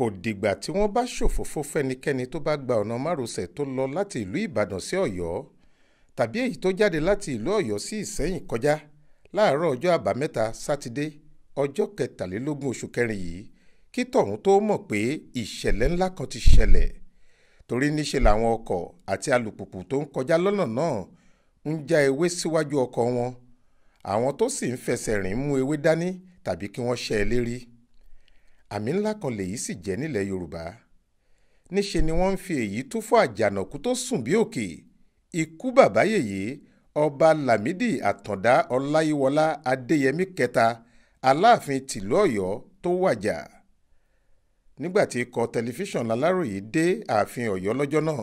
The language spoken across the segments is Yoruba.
kò dìgbà tí wọ́n bá ṣòfófó fẹ́nikẹ́ni tó bá gba ọ̀nà márosẹ̀ tó lọ láti ìlú ìbàdàn sí ọ̀yọ́ tàbí èyí tó jáde láti ìlú ọ̀yọ́ sí ìsẹ́yìn kọjá láàárọ̀ ọjọ́ àbámẹ́ta sátidé ọjọ́ kẹtàlélógún oṣù kẹrin yìí kí tọ̀hún tó mọ̀ pé ìṣẹ̀lẹ̀ ńlá kan ti ṣẹlẹ̀ torí níṣe làwọn ọkọ̀ àti alùpùpù tó ń kọjá lọ́nà náà ń já ewé síwájú ọkọ̀ wọn àwọn tó sì ń fẹsẹ̀ rìn mú ewé dání tàbí kí wọ́n ṣẹ́ ẹ lérí àmì ńlá kan lèyí sì jẹ́ nílẹ̀ yorùbá níṣe ni wọ́n ń fi èyí tó fọ́ àjànàkú tó sùn bí òkè ikú bàbá yèyé ọba lámìdí àtàndá ọláyíwọlá adéyẹmí kẹta aláàfin tìlú ọ̀yọ́ tó wàjà nígbà tí ikọ̀ tẹlifíṣàn aláròyé dé ààfin ọ̀yọ́ lọ́jọ́ náà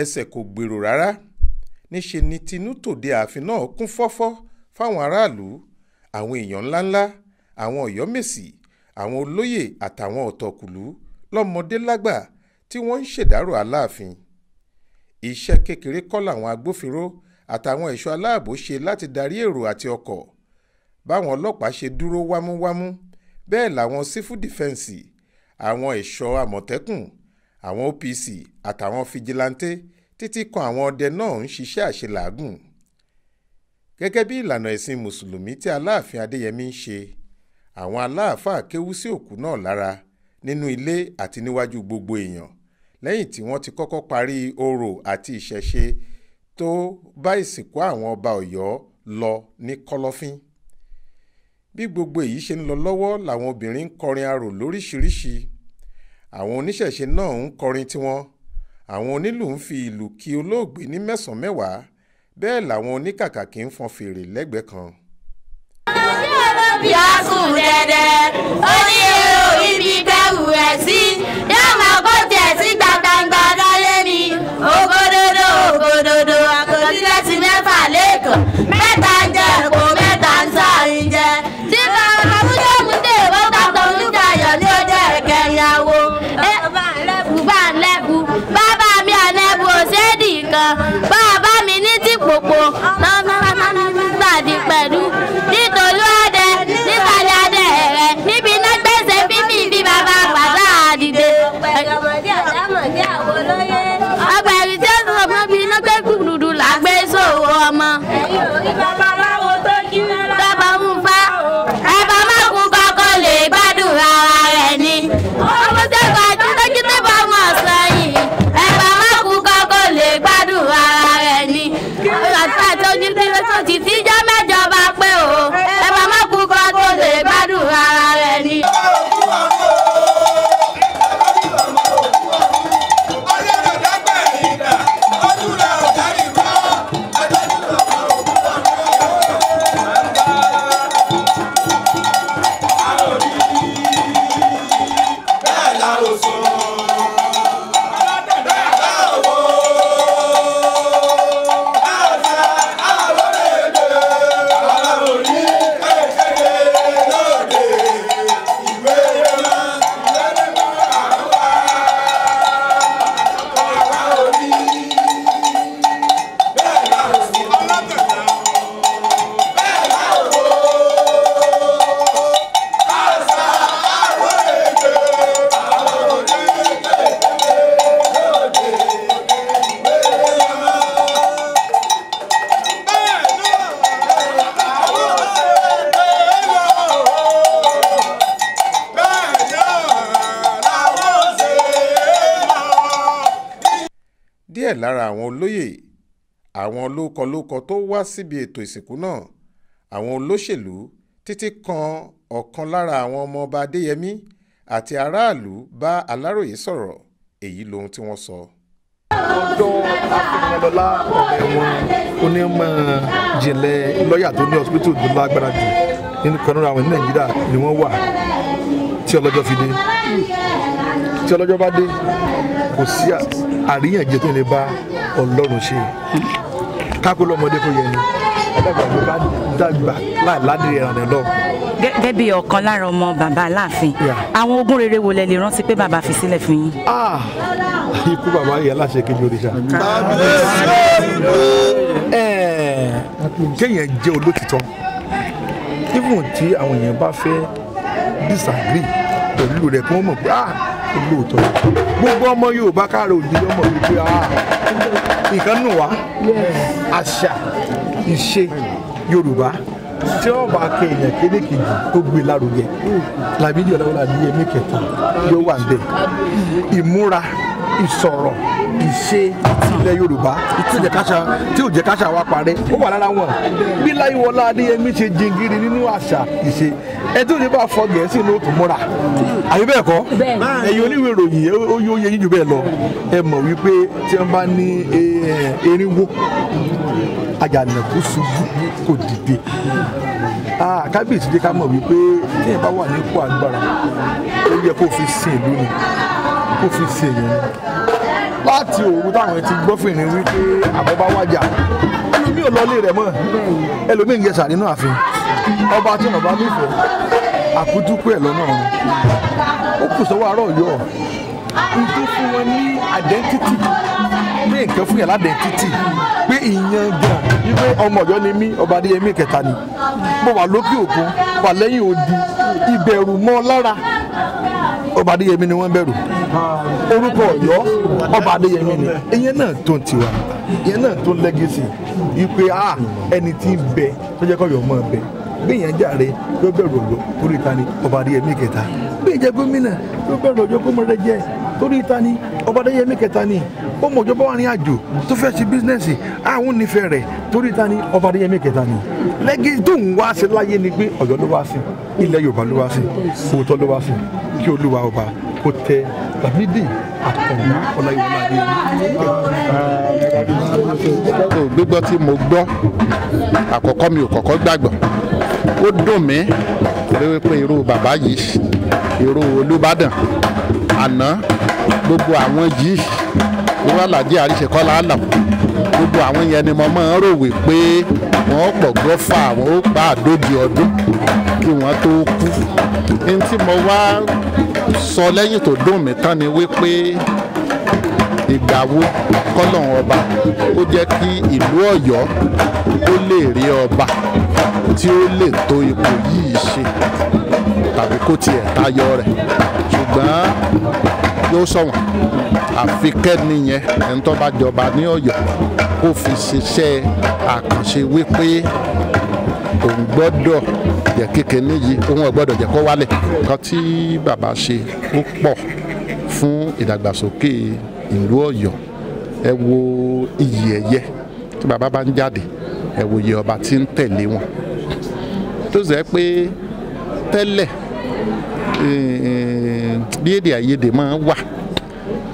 ẹsẹ̀ kò gbèrò rárá níṣe ni tinú tòde ààfin náà kún fọ́fọ́ fáwọn aráàlú àwọn èèyàn ńláńlá àwọn ọ̀yọ́ mèsì àwọn olóyè àtàwọn ọ̀tọ̀kùlú lọ́mọdé lágbà tí wọ́n ń ṣèdárò aláàfin iṣẹ́ kékeré kọ́ làwọn agbófinró àtàwọn ẹ̀ṣọ́ aláàbò ṣe láti darí èrò àti ọkọ̀ báwọn ọlọ́pàá ṣe dúró wámúwámú bẹ́ẹ̀ làwọn sífù dìfẹ́ǹsì àwọn ẹ̀ṣọ́ àmọ̀tẹ́kùn àwọn OPC àtàwọn fijilantè títí kan àwọn ọdẹ náà ń ṣiṣẹ́ àṣelàágùn gẹ́gẹ́ bí ìlànà ẹ̀sìn mùsùlùmí tí aláàfin adéyẹmí ń ṣe àwọn aláàfáà kéwú sí òkú náà lára nínú ilé àti níwájú gbogbo èèyàn lẹ́yìn tí wọ́n ti kọ́kọ́ parí orò àti ìṣẹ̀ṣe tó bá ìsìnkú àwọn ọba ọ̀yọ́ lọ ní kọ́lọ́fín bí gbogbo èyí ṣe ń lọ lọ́wọ́ làwọn obìnrin ń kọrin arò lóríṣiríṣi àwọn oníṣẹ̀ṣe náà ń kọrin tiwọn àwọn onílù ń fi ìlù kí olóògbé ní mẹ́sàn-án mẹ́wàá bẹ́ẹ̀ làwọn oníkàkàkí ń fọn fèrè lẹ́gbẹ̀ẹ́ kan bí a sùn dẹ̀dẹ̀ ó ní èrò ibi bẹ̀rù rẹ̀ sí yóò máa kó tiẹ̀ sí gbàgbàgbà lálé mi ògòdodo ògòdodo. díẹ̀ lára àwọn olóyè àwọn lókọlókọ tó wá síbi ètò ìsìnkú náà àwọn olóṣèlú títí kan ọ̀kan lára àwọn ọmọọba adéyẹmí àti aráàlú bá aláròye sọ̀rọ̀ èyí lohun tí wọ́n sọ. ọjọ́ afẹ́nilọ́lá ọ̀rẹ́ wọn onímọ̀ jìnlẹ̀ lọ́ọ̀yà tó ní hospital tó lágbára jù nínú kanúra àwọn ní nàìjíríà ni wọ́n wà tí ọlọ́jọ́ fi dé tí ọlọ́jọ́ bá dé kò sí àríyànjiyàn tó lè bá ọlọ́run ṣe kákó lọ́mọdé kò yẹ ni àdàgbà ló bá dàgbà láì ládìrí ẹ̀ràn náà lọ. gẹ́gẹ́ bí ọ̀kan lára ọmọ bàbá aláàfin àwọn ogún rere wo lẹ lè rántí pé bàbá fi sílẹ̀ fún yín. Ah, ikú bàbá yẹ aláṣẹ kejì òrìṣà. Eh, kéèyàn jẹ́ olótìtọ́ even tí àwọn èèyàn bá fẹ́ disagree pẹ̀lú rẹ̀ kí wọ́n mọ̀ pé ah olóòótọ́ gbogbo ọmọ Yorùbá káàró òdi ọmọ Yorùbá nǹkan nù wá àṣà ìṣe Yorùbá tí wọn bá kẹ èèyàn kéékèèké tó gbé lárugẹ Lámídì Ọláwọlá ní ẹmí kẹta yóò wà níbẹ̀ ìmúra ìsọ̀rọ̀ ìṣe ilẹ̀ Yorùbá tí ò jẹ́ káṣà tí ò jẹ́ wa parẹ́ ó wà lára wọn bí Láyíwọlá Adéyẹmí ṣe jingiri nínú àṣà ìṣe ẹ tó ní bá fọ gẹ̀ẹ́sì ní òtún múra àbí bẹ́ẹ̀ kọ́ ẹ̀yin oníwèé ìròyìn ó yóò yẹ yín jù bẹ́ẹ̀ lọ ẹ mọ̀ wípé tí wọ́n bá ní erinwo àjànàkú ṣubú kò dìde kábíyèsí jẹ́ ká mọ̀ wípé tí ẹ bá wà ní ipò agbára ó yẹ kó fi sin ìlú ni kó fi sin èèyàn ni láti òru táwọn ti gbọ́fìnrin wípé àbọ̀bá wájà ẹlòmíì ò lọ ilé rẹ̀ mọ́ ẹlòmíì ń jẹ sàrínú ààfin ọba tí wọn bá nífẹ̀ẹ́ àbúdúpẹ́ lọ́nà ọ̀run ó kù sọ́wọ́ àárọ̀ yọ ìdí fún wọn ní identity pé nǹkan fún yàrá identity pé ìyan gan wípé ọmọ Ọ̀yọ́ ni mí ọba Adéyẹmí kẹta ni mo wà lókè òkun wà lẹ́yìn odi ìbẹ̀rù mọ́ lára ọba Adéyẹmí ni wọ́n bẹ̀rù orúkọ Ọ̀yọ́ ọba Adéyẹmí ni ìyẹn náà tó ń tiwa ìyẹn náà tó ń legacy wípé ah, ẹni tí gbìyànjú àre yóò bẹ̀rù òjò torí ta ni ọba adéyẹmí kẹta gbìyànjú gómìnà yóò bẹ̀rù òjò kó mọ̀rẹ́ jẹ torí ta ni ọba adéyẹmí kẹta ni ó mọ̀jọ́ bá wọn rìn àjò tó fẹ́ ṣe bísínẹ́sì àwọn onífẹ́ rẹ̀ torí ta ni ọba adéyẹmí kẹta ni lẹ́gí tó ń wá sí láyé ni pé ọ̀yọ́ ló wá sí ilẹ̀ yorùbá ló wá sí òótọ́ ló wá sí kí olúwa ọba kó tẹ tàbídì àtọ̀nà ọláyíwọlá dé. gbígbọ́ tí mo gbọ́ àkọ́kọ́ mi ò kọ́kọ́ gbàgbọ́ ó dùn mí torí wípé irú bàbá yìí irú Olúbàdàn àná gbogbo àwọn yìí irú Àlàjí Àríṣekọ́lá Àlàbù gbogbo àwọn yẹn ni mo máa ń rò wípé wọ́n pọ̀ gọ́fà wọ́n ó pa àdóbi ọdún kí wọ́n tó kú ní tí mo wá sọ lẹ́yìn tó dùn mí tán ni wípé ìgbà wo kọ́lọ́run ọba ó jẹ́ kí ìlú Ọ̀yọ́ ó lè rí ọba tí ó lè tó ipò yìí ṣe tàbí kó tiẹ̀ tayọ rẹ̀ ṣùgbọ́n yóò sọ̀wọ́n àfi kẹ́ni yẹn ẹni tó bá jọba ní ọ̀yọ́ kó fi ṣiṣẹ́ àkànṣe wípé òun gbọ́dọ̀ jẹ́ kékeré yìí òun gbọ́dọ̀ jẹ́ kó wálẹ̀. nǹkan tí bàbá ṣe ó pọ̀ fún ìdàgbàsókè ìlú ọ̀yọ́ ẹ wo iyì ẹ̀yẹ tí bàbá bá ń jáde ẹ wòye ọba tí ń tẹ̀lé wọn tó zẹ́ pé tẹ́lẹ̀ eh, bí èdè àìyedè máa wà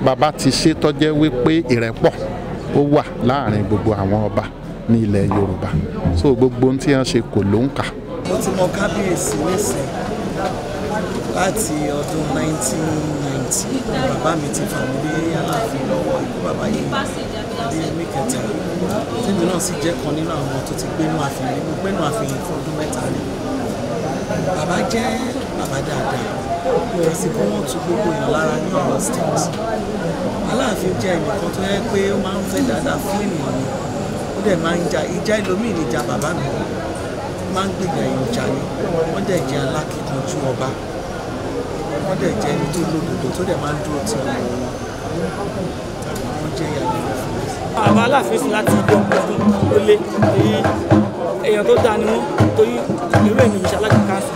bàbá ti ṣe tọ́jẹ́ wípé ìrẹ́pọ̀ ó wà láàrin gbogbo àwọn ọba ní ilẹ̀ Yorùbá so gbogbo ohun tí wọ́n ṣe kò ló ń kà. ó ti mọ kábíyèsí nísìn láti ọdún 1990 bàbá mi ti fàmílì aláàfin lọ́wọ́ ikú bàbá yìí àbí mẹ́kẹta tèmi náà sì jẹ́ kan nínú àwọn tó ti gbénu àfihàn mo gbénu àfihàn fún ọdún mẹ́ta ni bàbá jẹ́ bàbá dáadáa kò sì kọ́ wọ́n tu gbogbo èèyàn lára ní ọ̀rọ̀ state aláàfin jẹ́ ẹnìkan tó yẹ pé ó máa ń fẹ́ dáadáa fún ènìyàn ni ó dẹ̀ máa ń ja ìjà ìlómìn ìjà bàbá mi máa ń gbìyànjú ìjà ni wọ́n dẹ̀ jẹ́ alákìkanjú ọba wọ́n dẹ̀ jẹ́ ẹni tó lódodo tó dẹ̀ máa ń dúró tì wọ́n wọ́n jẹ́ ìyàgbẹ́ fún mi àwọn aláàfin sì láti ibi ọ̀pọ̀ ọdún ó lé èyí èèyàn tó dáa ni wọ́n torí irú èmi yìí ṣalága káńsì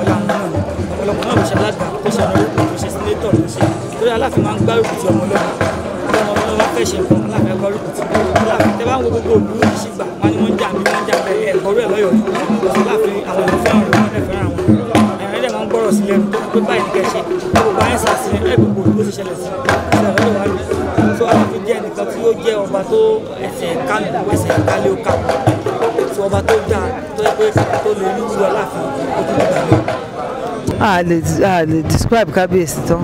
ọ̀la àwọn náà ọ̀pọ̀lọpọ̀ náà ló ṣe alága tó ṣe ọ̀nà òkú tó ṣe sínétọ̀ ló ṣe torí aláàfin máa ń gbárùkù ti ọmọ lọ́wọ́ ọmọ ọmọ wa fẹ́ ṣe nǹkan aláàfin gbárùkù ti aláàfin tẹ́ bá ń wo gbogbo òlú ìṣìgbà wọn ni wọ́n ń jà bí wọ́n ń jà bẹ́ẹ̀ ẹ̀kọ́ rẹ̀ lọ́yọ̀ọ́ aláàfin àwọn èèyàn fẹ́ràn rẹ̀ wọ́n dẹ̀ fẹ́ràn àwọn gbọ́rọ̀ sílẹ̀ pé báyìí ní kẹ́ ṣe gbogbo àyẹ̀sà sí ẹ̀gbogbo ló ṣe ṣẹlẹ̀ sí ẹ̀rọ ìwádìí so a láti jẹ́ ẹnìkan tí ó jẹ́ ọba tó ẹsẹ̀ kánú ẹsẹ̀ kálíó kánú tí ọba tó dáa tó yẹ pé kàkà tó lè rí wúwo aláàfin ó tún gbà lọ. a lè a lè describe kábíyèsí tán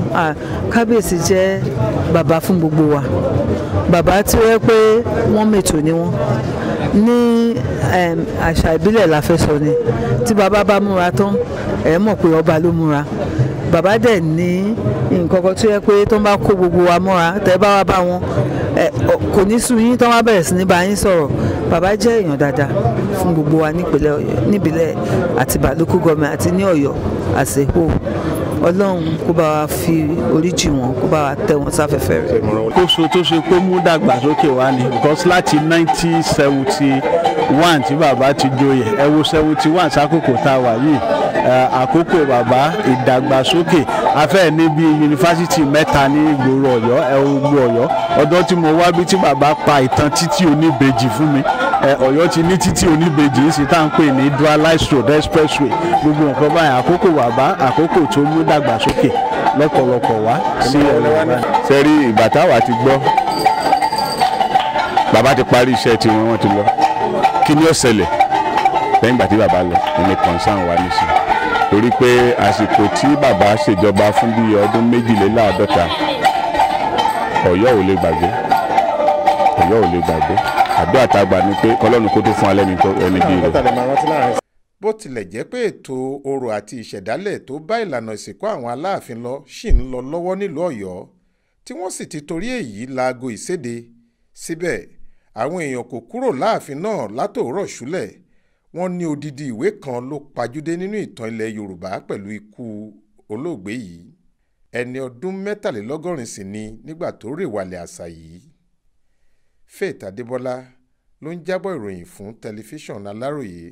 kábíyèsí jẹ́ bàbá fún gbogbo wa bàbá tí ó yẹ pé wọ́n mètò ni wọ́n ní àṣà ìbílẹ̀ la fẹ́ sọ ni tí bàbá bá múra tán ẹ̀ mọ̀ pé ọba ló múra bàbá dẹ̀ ní nǹkan kan tó yẹ pé tó ń bá kó gbogbo wa mọ́ra tẹ́ bá wa bá wọn kò ní sú yín tó wá bẹ̀rẹ̀ sí ní bá yín sọ̀rọ̀ bàbá jẹ́ èèyàn dáadáa fún gbogbo wa nípìnlẹ̀ Ọ̀yọ́ níbílẹ̀ àti bàlúkú gọ́ọ̀mẹ̀ àti ní Ọ̀yọ́ àṣehó ọlọ́run kó bá wa fi oríjì wọn kó bá wa tẹ́ wọn sáfẹ́fẹ́ rẹ̀. kóso tó ṣe pé mú dàgbàsókè wá ni because láti nineteen seventy one tí bàbá ti joyè ẹ wo seventy one sákòókò tá a wà yìí àkókò bàbá ìdàgbàsókè afẹ́ níbi yunifásitì mẹ́ta ní ìgboro ọ̀yọ́ ẹ wo ọ̀yọ́ ọdọ́ tí mo wá bí tí bàbá pa ìtàn títí oníbejì fún mi ọ̀yọ́ ti ní títí oníbejì ń sì tá à ń pè ní dual line road expressway gbogbo nǹkan báyìí àkókò bàbá àkókò tó mú dà ìdàgbàsókè lọ́pọ̀lọpọ̀ wá sí ọ̀rọ̀ wa. sẹ́rí ìgbà táwa ti gbọ́ bàbá ti parí iṣẹ́ tiwọn wọ́n ti lọ kí ni ó ṣẹlẹ̀ lẹ́yìn ìgbà tí bàbá lọ ẹni concern wa nísìnyí torí pé àsìkò tí bàbá ṣèjọba fún bíi ọdún méjìléláàádọ́ta ọ̀yọ́ ò lè gbàgbé ọ̀yọ́ ò lè gbàgbé àdó àtàgbà ni pé kọlọ́run kó tó fún alẹ́ ní bí rẹ̀ bó tilẹ̀ jẹ́ pé ètò orò àti ìṣẹ̀dálẹ̀ tó bá ìlànà ìsìnkú àwọn aláàfin lọ ṣì ń lọ lọ́wọ́ nílùú ọ̀yọ́ tí wọ́n sì ti torí èyí laago ìséde síbẹ̀ àwọn èèyàn kò kúrò láàfin náà látòórọ̀ ṣúlẹ̀ wọ́n ní odidi ìwé kan ló pajúdé nínú ìtàn ilẹ̀ yorùbá pẹ̀lú ikú olóògbé yìí ẹni ọdún mẹ́tàlélọ́gọ́rin sì ni nígbà tó rèwàlẹ̀ àṣà yìí faith adébọlá ló ń jábọ̀ ìròyìn fún tẹlifíṣàn aláròye